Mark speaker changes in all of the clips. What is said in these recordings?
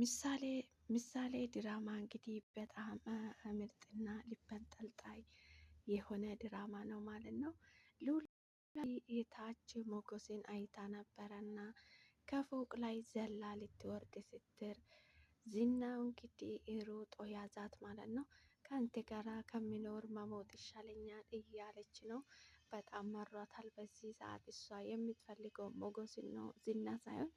Speaker 1: ምሳሌ ምሳሌ ድራማ እንግዲህ በጣም ምርጥና ሊበንጠልጣይ የሆነ ድራማ ነው ማለት ነው። ሉላ የታች ሞገስን አይታ ነበረና ከፎቅ ላይ ዘላ ልትወርድ ስትል ዝናው እንግዲህ ሮጦ ያዛት ማለት ነው። ከአንተ ጋራ ከሚኖር መሞት ይሻለኛል እያለች ነው። በጣም መሯታል። በዚህ ሰዓት እሷ የምትፈልገው ሞገስ ነው፣ ዝና ሳይሆን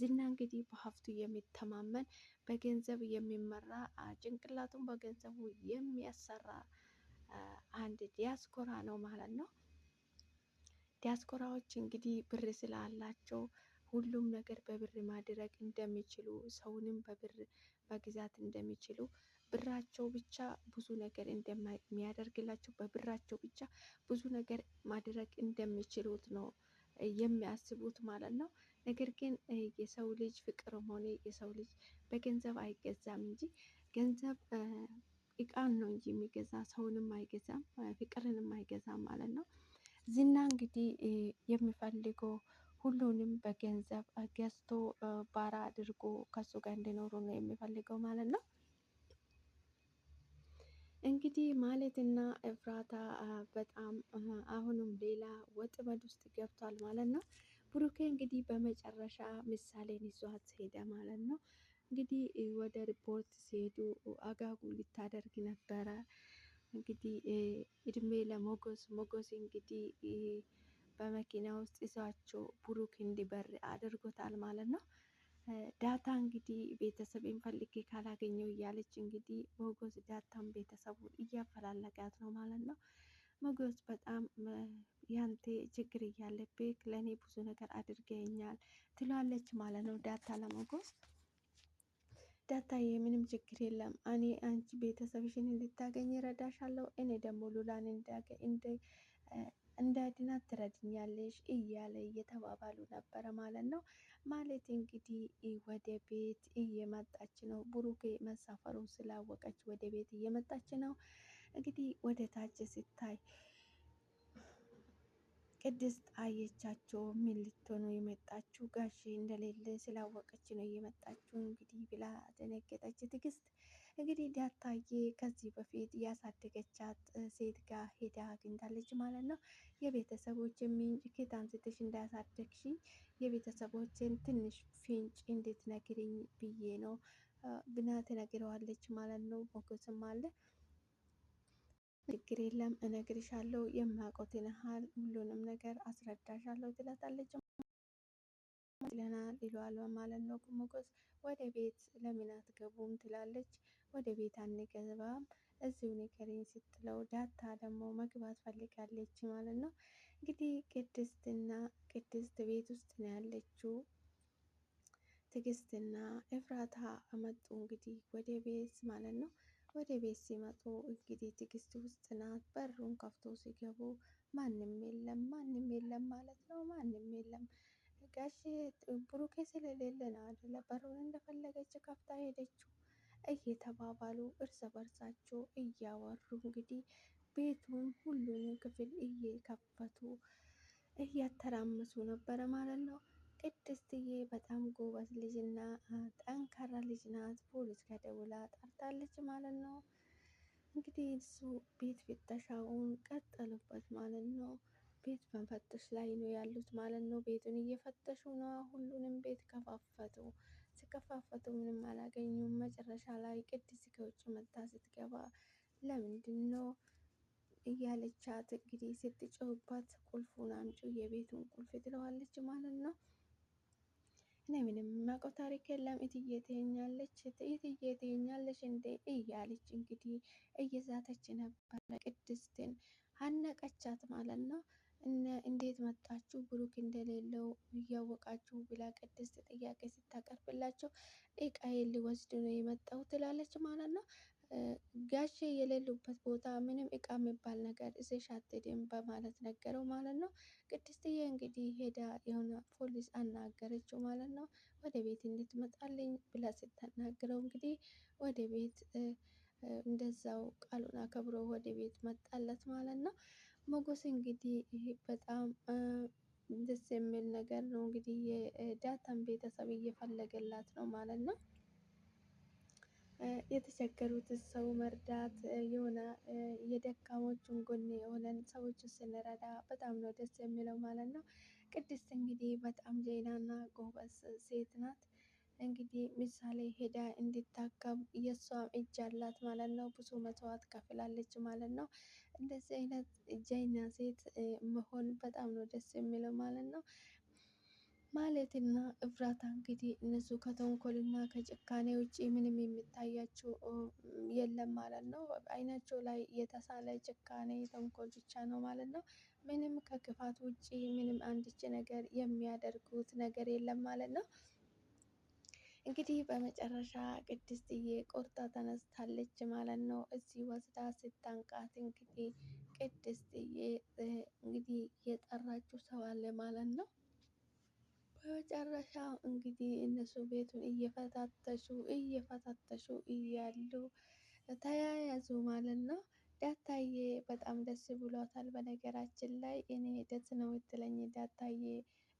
Speaker 1: ዝና እንግዲህ በሀብቱ የሚተማመን በገንዘብ የሚመራ ጭንቅላቱን በገንዘቡ የሚያሰራ አንድ ዲያስፖራ ነው ማለት ነው። ዲያስፖራዎች እንግዲህ ብር ስላላቸው ሁሉም ነገር በብር ማድረግ እንደሚችሉ ሰውንም በብር መግዛት እንደሚችሉ ብራቸው ብቻ ብዙ ነገር እንደሚያደርግላቸው በብራቸው ብቻ ብዙ ነገር ማድረግ እንደሚችሉት ነው የሚያስቡት ማለት ነው። ነገር ግን የሰው ልጅ ፍቅርም ሆነ የሰው ልጅ በገንዘብ አይገዛም እንጂ ገንዘብ እቃን ነው እንጂ የሚገዛ ሰውንም አይገዛም፣ ፍቅርንም አይገዛም ማለት ነው። ዝና እንግዲህ የሚፈልገው ሁሉንም በገንዘብ ገዝቶ ባራ አድርጎ ከሱ ጋር እንዲኖሩ ነው የሚፈልገው ማለት ነው። እንግዲህ ማለትና እፍራታ በጣም አሁንም ሌላ ወጥመድ ውስጥ ገብቷል ማለት ነው። ብሩኬ እንግዲህ በመጨረሻ ምሳሌን ይዟት ሄደ ማለት ነው። እንግዲህ ወደ ሪፖርት ሲሄዱ አጋጉ ልታደርግ ነበረ። እንግዲህ እድሜ ለሞጎስ ሞጎስ እንግዲህ በመኪና ውስጥ ይዟቸው ብሩክ እንዲበር አድርጎታል ማለት ነው። ዳታ እንግዲህ ቤተሰብ ፈልጌ ካላገኘው እያለች እንግዲህ ሞጎስ ዳታ ቤተሰቡን እያፈላለጋት ነው ማለት ነው። ሞጎስ በጣም ያንተ ችግር እያለብህ ለእኔ ብዙ ነገር አድርገኛል ትሏለች ማለት ነው። ዳታ ለሞጎስ ዳታዬ ምንም ችግር የለም፣ እኔ አንቺ ቤተሰብሽን እንድታገኝ ረዳሻለሁ፣ እኔ ደግሞ ሉላን እንዳድናት ትረድኛለሽ እያለ እየተባባሉ ነበረ ማለት ነው። ማለት እንግዲህ ወደ ቤት እየመጣች ነው። ብሩኬ መሳፈሩ ስላወቀች ወደ ቤት እየመጣች ነው። እንግዲህ ወደ ታች ስታይ ቅድስት አየቻቸው። ምን ልትሆኑ የመጣችሁ እንደሌለ ስላወቀች ነው የመጣችሁ እንግዲህ ብላ ደነገጠች ትግስት እንግዲህ ዳታዬ ከዚህ በፊት ያሳደገቻት ሴት ጋር ሄዳ አግኝታለች ማለት ነው። የቤተሰቦችን ምንጭ ኬት አንስተሽ እንዳያሳደግሽኝ የቤተሰቦችን ትንሽ ፍንጭ እንድትነግሪኝ ብዬ ነው ብና ትነግረዋለች ማለት ነው። ሞገስም አለ ችግር የለም እነግርሻለሁ፣ የማያውቁትን ያህል ሁሉንም ነገር አስረዳሻለሁ ትላታለች። ለና ይለዋል ማለት ነው። ሞገስ ወደ ቤት ለምን አትገቡም ትላለች። ወደ ቤት አንገባም እዚሁ ንገሪኝ ስትለው ዳታ ደግሞ መግባት ፈልጋለች ማለት ነው። እንግዲህ ቅድስትና ቅድስት ቤት ውስጥ ነው ያለችው። ትግስትና እፍራታ መጡ እንግዲህ ወደ ቤት ማለት ነው። ወደ ቤት ሲመጡ እንግዲህ ትግስት ውስጥ ናት። በሩን ከፍቶ ሲገቡ ማንም የለም፣ ማንም የለም ማለት ነው። ማንም የለም ጋሽ ብሩኬ ስለሌለ ነው አይደለ? በሩን እንደፈለገች ከፍታ ሄደችው። እየተባባሉ እርስ በርሳቸው እያወሩ እንግዲህ ቤቱን ሁሉንም ክፍል እየከፈቱ እያተራመሱ ነበረ ማለት ነው። ቅድስትዬ በጣም ጎበዝ ልጅና ጠንካራ ልጅ ናት። ፖሊስ ከደውላ ጠርታለች ማለት ነው። እንግዲህ እሱ ቤት ፍተሻውን ቀጠሉበት ማለት ነው። ቤት መፈተሽ ላይ ነው ያሉት ማለት ነው። ቤቱን እየፈተሹ ነው። ሁሉንም ቤት ከፋፈቱ። ሲከፋፈቱ ምንም አላገኙም። መጨረሻ ላይ ቅድስት ከውጭ መጥታ ስትገባ ለምንድን ነው እያለቻት እንግዲህ ስትጮህባት ቁልፉን አምጪ የቤቱን ቁልፍ ትለዋለች ማለት ነው። እኔ ምንም የማውቀው ታሪክ የለም እትዬ ትሄኛለች እትዬ ትሄኛለች እንዴ እያለች እንግዲህ እየዛተች ነበረ ቅድስትን አነቀቻት ማለት ነው። እንዴት መጣችሁ ብሩክ እንደሌለው እያወቃችሁ ብላ ቅድስት ጥያቄ ስታቀርብላቸው እቃዬን ሊወስድ ነው የመጣው ትላለች ማለት ነው። ጋሼ የሌሉበት ቦታ ምንም እቃ የሚባል ነገር ይዘሽ አትሄድም በማለት ነገረው ማለት ነው። ቅድስትዬ እንግዲህ ሄዳ የሆነ ፖሊስ አናገረችው ማለት ነው። ወደ ቤት እንድትመጣልኝ ብላ ስታናግረው እንግዲህ ወደ ቤት እንደዛው ቃሉን አከብሮ ወደ ቤት መጣለት ማለት ነው። ሞጎስ እንግዲህ ይህ በጣም ደስ የሚል ነገር ነው። እንግዲህ የዳታን ቤተሰብ እየፈለገላት ነው ማለት ነው። የተቸገሩት ሰው መርዳት የሆነ የደካሞቹን ጎን የሆነን ሰዎች ስንረዳ በጣም ነው ደስ የሚለው ማለት ነው። ቅድስት እንግዲህ በጣም ጀግናና ጎበዝ ሴት ናት። እንግዲህ ምሳሌ ሄዳ እንድታከም የእሷ እጅ አላት ማለት ነው። ብዙ መስዋዕት ከፍላለች ማለት ነው። እንደዚህ አይነት ጀግና ሴት መሆን በጣም ነው ደስ የሚለው ማለት ነው። ማለትና ኤፍራታ እንግዲህ እነሱ እና ከጭካኔ ውጭ ምንም የሚታያቸው የለም ማለት ነው። አይናቸው ላይ የተሳለ ጭካኔ፣ ተንኮል ብቻ ነው ማለት ነው። ምንም ከክፋት ውጪ ምንም አንድች ነገር የሚያደርጉት ነገር የለም ማለት ነው። እንግዲህ በመጨረሻ ቅድስትዬ ቆርጣ ተነስታለች ማለት ነው። እዚህ ወስዳ ስታንቃት እንግዲህ ቅድስትዬ እንግዲህ የጠራችው ሰው አለ ማለት ነው። በመጨረሻ እንግዲህ እነሱ ቤቱን እየፈታተሹ እየፈታተሹ እያሉ ተያያዙ ማለት ነው። ዳታዬ በጣም ደስ ብሏታል። በነገራችን ላይ እኔ ደስ ነው የምትለኝ ዳታዬ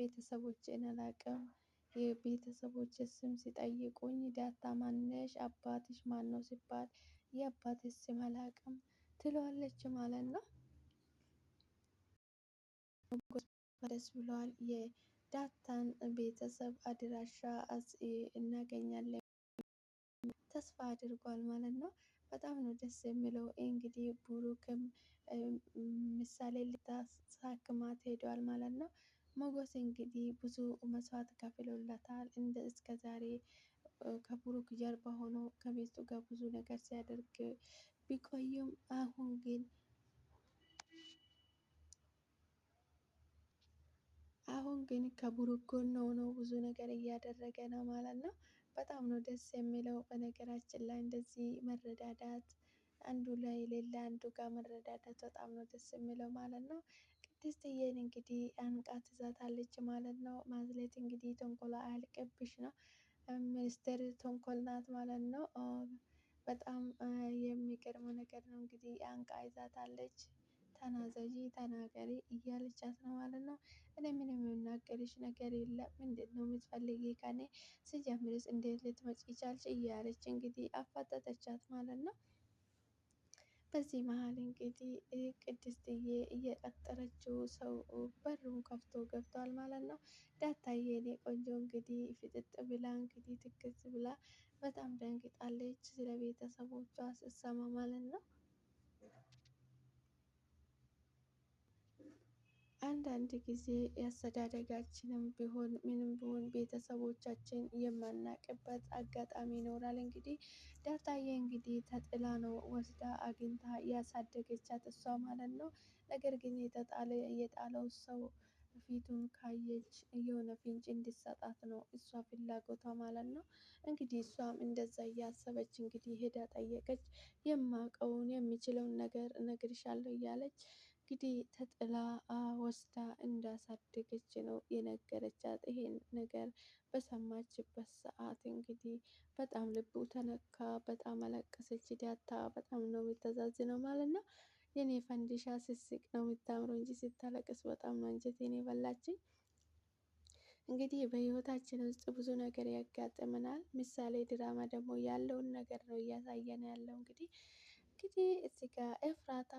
Speaker 1: ቤተሰቦች አላቅም የቤተሰቦች ስም ሲጠይቁኝ ዳታ ማነሽ አባትሽ ማነው ሲባል የአባትሽ ስም አላቅም ትለዋለች ማለት ነው። ደስ ብለዋል። የዳታን ቤተሰብ አድራሻ እናገኛለን ተስፋ አድርጓል ማለት ነው። በጣም ነው ደስ የሚለው። እንግዲህ ብሩክም ምሳሌ ልታሳክማት ሄዷል ማለት ነው። ሞጎስ እንግዲህ ብዙ መስዋዕት ከፍሎለታል። እንደ እስከ ዛሬ ከብሩክ ጀርባ ሆኖ ከሚስቱ ጋር ብዙ ነገር ሲያደርግ ቢቆይም አሁን ግን አሁን ግን ከብሩክ ጎን ሆኖ ብዙ ነገር እያደረገ ነው ማለት ነው። በጣም ነው ደስ የሚለው። በነገራችን ላይ እንደዚህ መረዳዳት አንዱ ላይ ሌላ አንዱ ጋር መረዳዳት በጣም ነው ደስ የሚለው ማለት ነው። ትዕስትዬን እንግዲህ አንቃት ይዛታለች ማለት ነው። ማዝሌት እንግዲህ ተንኮላ አያልቅብሽ ነው። ሚስጥር ተንኮል ናት ማለት ነው። በጣም የሚገርመው ነገር ነው እንግዲህ አንቃ ይዛታለች። ተናዘዢ ተናገሪ እያለቻት ነው ማለት ነው። እኔ ምንም የምናገርሽ ነገር የለም ምንድን ነው የምትፈልጊ ከኔ? ስጀምርስ እንዴት ልትመጪ ቻልሽ? እያለች እንግዲህ አፋጠጠቻት ማለት ነው በዚህ መሀል እንግዲህ ቅድስትዬ እየቀጠረችው ሰው በሩን ከፍቶ ገብቷል ማለት ነው። ዳታዬ እኔ ቆንጆ እንግዲህ ፍጥጥ ብላ እንግዲህ ትክዝ ብላ በጣም ደንግጣለች ስለ ቤተሰቦቿ ስትሰማ ማለት ነው። አንዳንድ ጊዜ ያስተዳደጋችንም ቢሆን ምንም ቢሆን ቤተሰቦቻችን የማናቅበት አጋጣሚ ይኖራል። እንግዲህ ዳጣዬ እንግዲህ ተጥላ ነው ወስዳ አግኝታ ያሳደገቻት እሷ ማለት ነው። ነገር ግን የተጣለ የጣለው ሰው ፊቱን ካየች የሆነ ፍንጭ እንዲሰጣት ነው እሷ ፍላጎቷ ማለት ነው። እንግዲህ እሷም እንደዛ እያሰበች እንግዲህ ሄዳ ጠየቀች። የማውቀውን የሚችለውን ነገር እነግርሻለሁ እያለች እንግዲህ ተጥላ ወስዳ እንዳሳደገች ነው የነገረቻት። ይሄን ነገር በሰማችበት ሰዓት እንግዲህ በጣም ልቡ ተነካ፣ በጣም አለቀሰች። ዳታ በጣም ነው የሚተዛዝነው ማለት ነው። የኔ ፈንዲሻ ስስቅ ነው የምታምረው እንጂ ስታለቅስ በጣም ነው አንጀቴን የበላችኝ። እንግዲህ በህይወታችን ውስጥ ብዙ ነገር ያጋጥመናል። ምሳሌ ድራማ ደግሞ ያለውን ነገር ነው እያሳየን ያለው እንግዲህ እንግዲህ እዚህ ጋር ኤፍራታ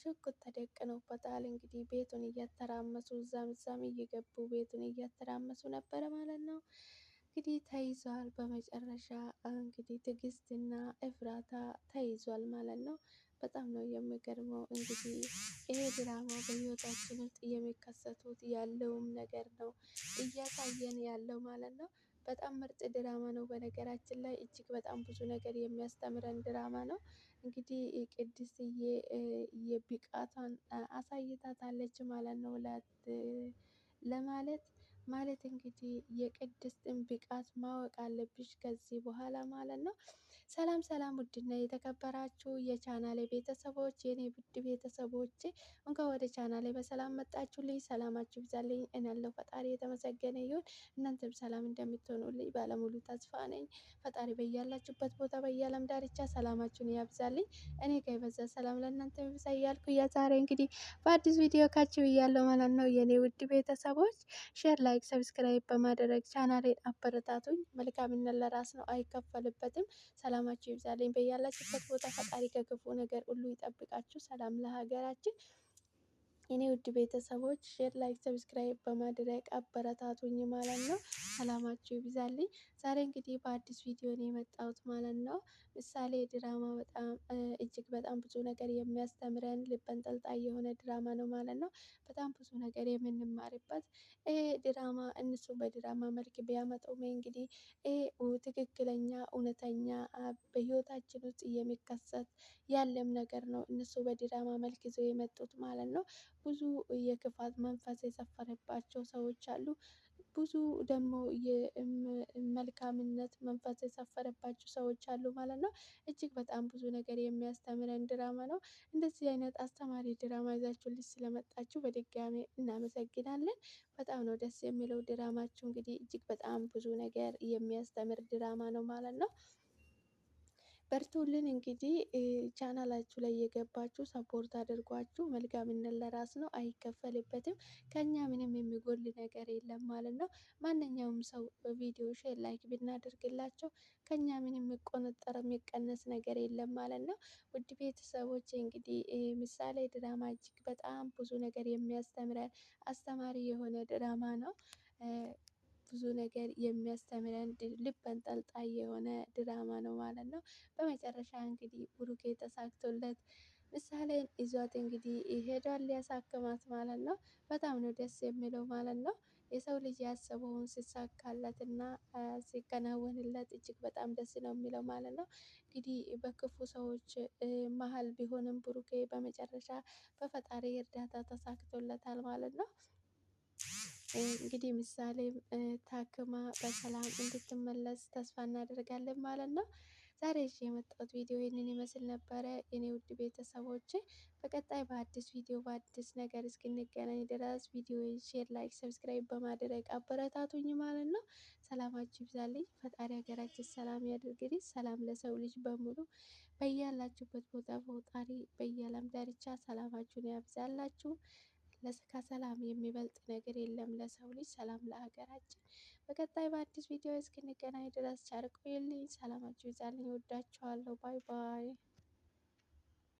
Speaker 1: ሽጉጥ ተደቅኖበታል። እንግዲህ ቤቱን እያተራመሱ እዛም እዛም እየገቡ ቤቱን እያተራመሱ ነበረ ማለት ነው። እንግዲህ ተይዟል። በመጨረሻ እንግዲህ ትዕግስትና ኤፍራታ ተይዟል ማለት ነው። በጣም ነው የሚገርመው። እንግዲህ ይሄ ድራማ በህይወታችን ውስጥ የሚከሰቱት ያለውም ነገር ነው እያሳየን ያለው ማለት ነው። በጣም ምርጥ ድራማ ነው። በነገራችን ላይ እጅግ በጣም ብዙ ነገር የሚያስተምረን ድራማ ነው። እንግዲህ ቅድስትዬ የብቃቷን አሳይታታለች ማለት ነው። ለማለት ማለት እንግዲህ የቅድስትን ብቃት ማወቅ አለብሽ ከዚህ በኋላ ማለት ነው። ሰላም ሰላም፣ ውድና የተከበራችሁ የቻናሌ ቤተሰቦች የኔ ውድ ቤተሰቦች እንኳ ወደ ቻናሌ በሰላም መጣችሁልኝ። ሰላማችሁ ይብዛልኝ። እኔ ፈጣሪ የተመሰገነ ይሁን፣ እናንተም ሰላም እንደምትሆኑልኝ ባለሙሉ ተስፋ ነኝ። ፈጣሪ በያላችሁበት ቦታ በያለም ዳርቻ ሰላማችሁን ያብዛልኝ። እኔ ጋ የበዛ ሰላም ለእናንተ ይብዛ እያልኩ እንግዲህ በአዲስ ቪዲዮ ካችሁ እያለሁ ማለት ነው የኔ ውድ ቤተሰቦች ሼር ላይ ላይክ፣ ሰብስክራይብ በማድረግ ቻናሌን አበረታቱኝ። መልካምነት ለራስ ነው፣ አይከፈልበትም። ሰላማችሁ ይብዛልኝ በያላችሁበት ቦታ። ፈጣሪ ከክፉ ነገር ሁሉ ይጠብቃችሁ። ሰላም ለሀገራችን የኔ ውድ ቤተሰቦች ሼር፣ ላይክ፣ ሰብስክራይብ በማድረግ አበረታቱኝ ማለት ነው። ሰላማችሁ ይብዛልኝ። ዛሬ እንግዲህ በአዲስ ቪዲዮ ነው የመጣሁት ማለት ነው። ምሳሌ ድራማ በጣም እጅግ በጣም ብዙ ነገር የሚያስተምረን ልብ አንጠልጣይ የሆነ ድራማ ነው ማለት ነው። በጣም ብዙ ነገር የምንማርበት ይሄ ድራማ እነሱ በድራማ መልክ ቢያመጡም እንግዲህ ይሄ ትክክለኛ እውነተኛ በህይወታችን ውስጥ የሚከሰት ያለም ነገር ነው። እነሱ በድራማ መልክ ይዘው የመጡት ማለት ነው። ብዙ የክፋት መንፈስ የሰፈረባቸው ሰዎች አሉ። ብዙ ደግሞ የመልካምነት መንፈስ የሰፈረባቸው ሰዎች አሉ ማለት ነው። እጅግ በጣም ብዙ ነገር የሚያስተምረን ድራማ ነው። እንደዚህ አይነት አስተማሪ ድራማ ይዛችሁ ልጅ ስለመጣችሁ በድጋሚ እናመሰግናለን። በጣም ነው ደስ የሚለው ድራማችሁ እንግዲህ እጅግ በጣም ብዙ ነገር የሚያስተምር ድራማ ነው ማለት ነው። በርቱልን። እንግዲህ ቻናላችሁ ላይ የገባችሁ ሰፖርት አድርጓችሁ፣ መልካምነት ለራስ ነው፣ አይከፈልበትም። ከኛ ምንም የሚጎል ነገር የለም ማለት ነው። ማንኛውም ሰው በቪዲዮ ሼር ላይክ ብናደርግላቸው ከኛ ምንም የሚቆነጠር የሚቀነስ ነገር የለም ማለት ነው። ውድ ቤተሰቦች እንግዲህ ምሳሌ ድራማ እጅግ በጣም ብዙ ነገር የሚያስተምረን አስተማሪ የሆነ ድራማ ነው። ብዙ ነገር የሚያስተምረን ልብ አንጠልጣይ የሆነ ድራማ ነው ማለት ነው። በመጨረሻ እንግዲህ ብሩኬ ተሳክቶለት ምሳሌን ይዟት እንግዲህ ሄዷል ሊያሳክማት ማለት ነው። በጣም ነው ደስ የሚለው ማለት ነው። የሰው ልጅ ያሰበውን እና ሲከናወንለት እጅግ በጣም ደስ ነው የሚለው ማለት ነው። እንግዲህ በክፉ ሰዎች መሀል ቢሆንም ብሩኬ በመጨረሻ በፈጣሪ እርዳታ ተሳክቶለታል ማለት ነው። እንግዲህ ምሳሌ ታክማ በሰላም እንድትመለስ ተስፋ እናደርጋለን ማለት ነው። ዛሬ ይዤ የመጣሁት ቪዲዮ ይህንን ይመስል ነበረ። የኔ ውድ ቤተሰቦች በቀጣይ በአዲስ ቪዲዮ በአዲስ ነገር እስክንገናኝ ድረስ ቪዲዮ ሼር፣ ላይክ፣ ሰብስክራይብ በማድረግ አበረታቱኝ ማለት ነው። ሰላማችሁ ይብዛልኝ። ፈጣሪ ሀገራችን ሰላም ያድርግልኝ። ሰላም ለሰው ልጅ በሙሉ በያላችሁበት ቦታ ፈጣሪ በየዓለም ዳርቻ ሰላማችሁን ያብዛላችሁ። ከሰላም የሚበልጥ ነገር የለም ለሰው ልጅ። ሰላም ለሀገራችን። በቀጣይ በአዲስ ቪዲዮ እስክንገናኝ ድረስ ቸር ቆዩልኝ። ሰላማችሁ ይብዛልኝ። እወዳችኋለሁ። ባይ ባይ።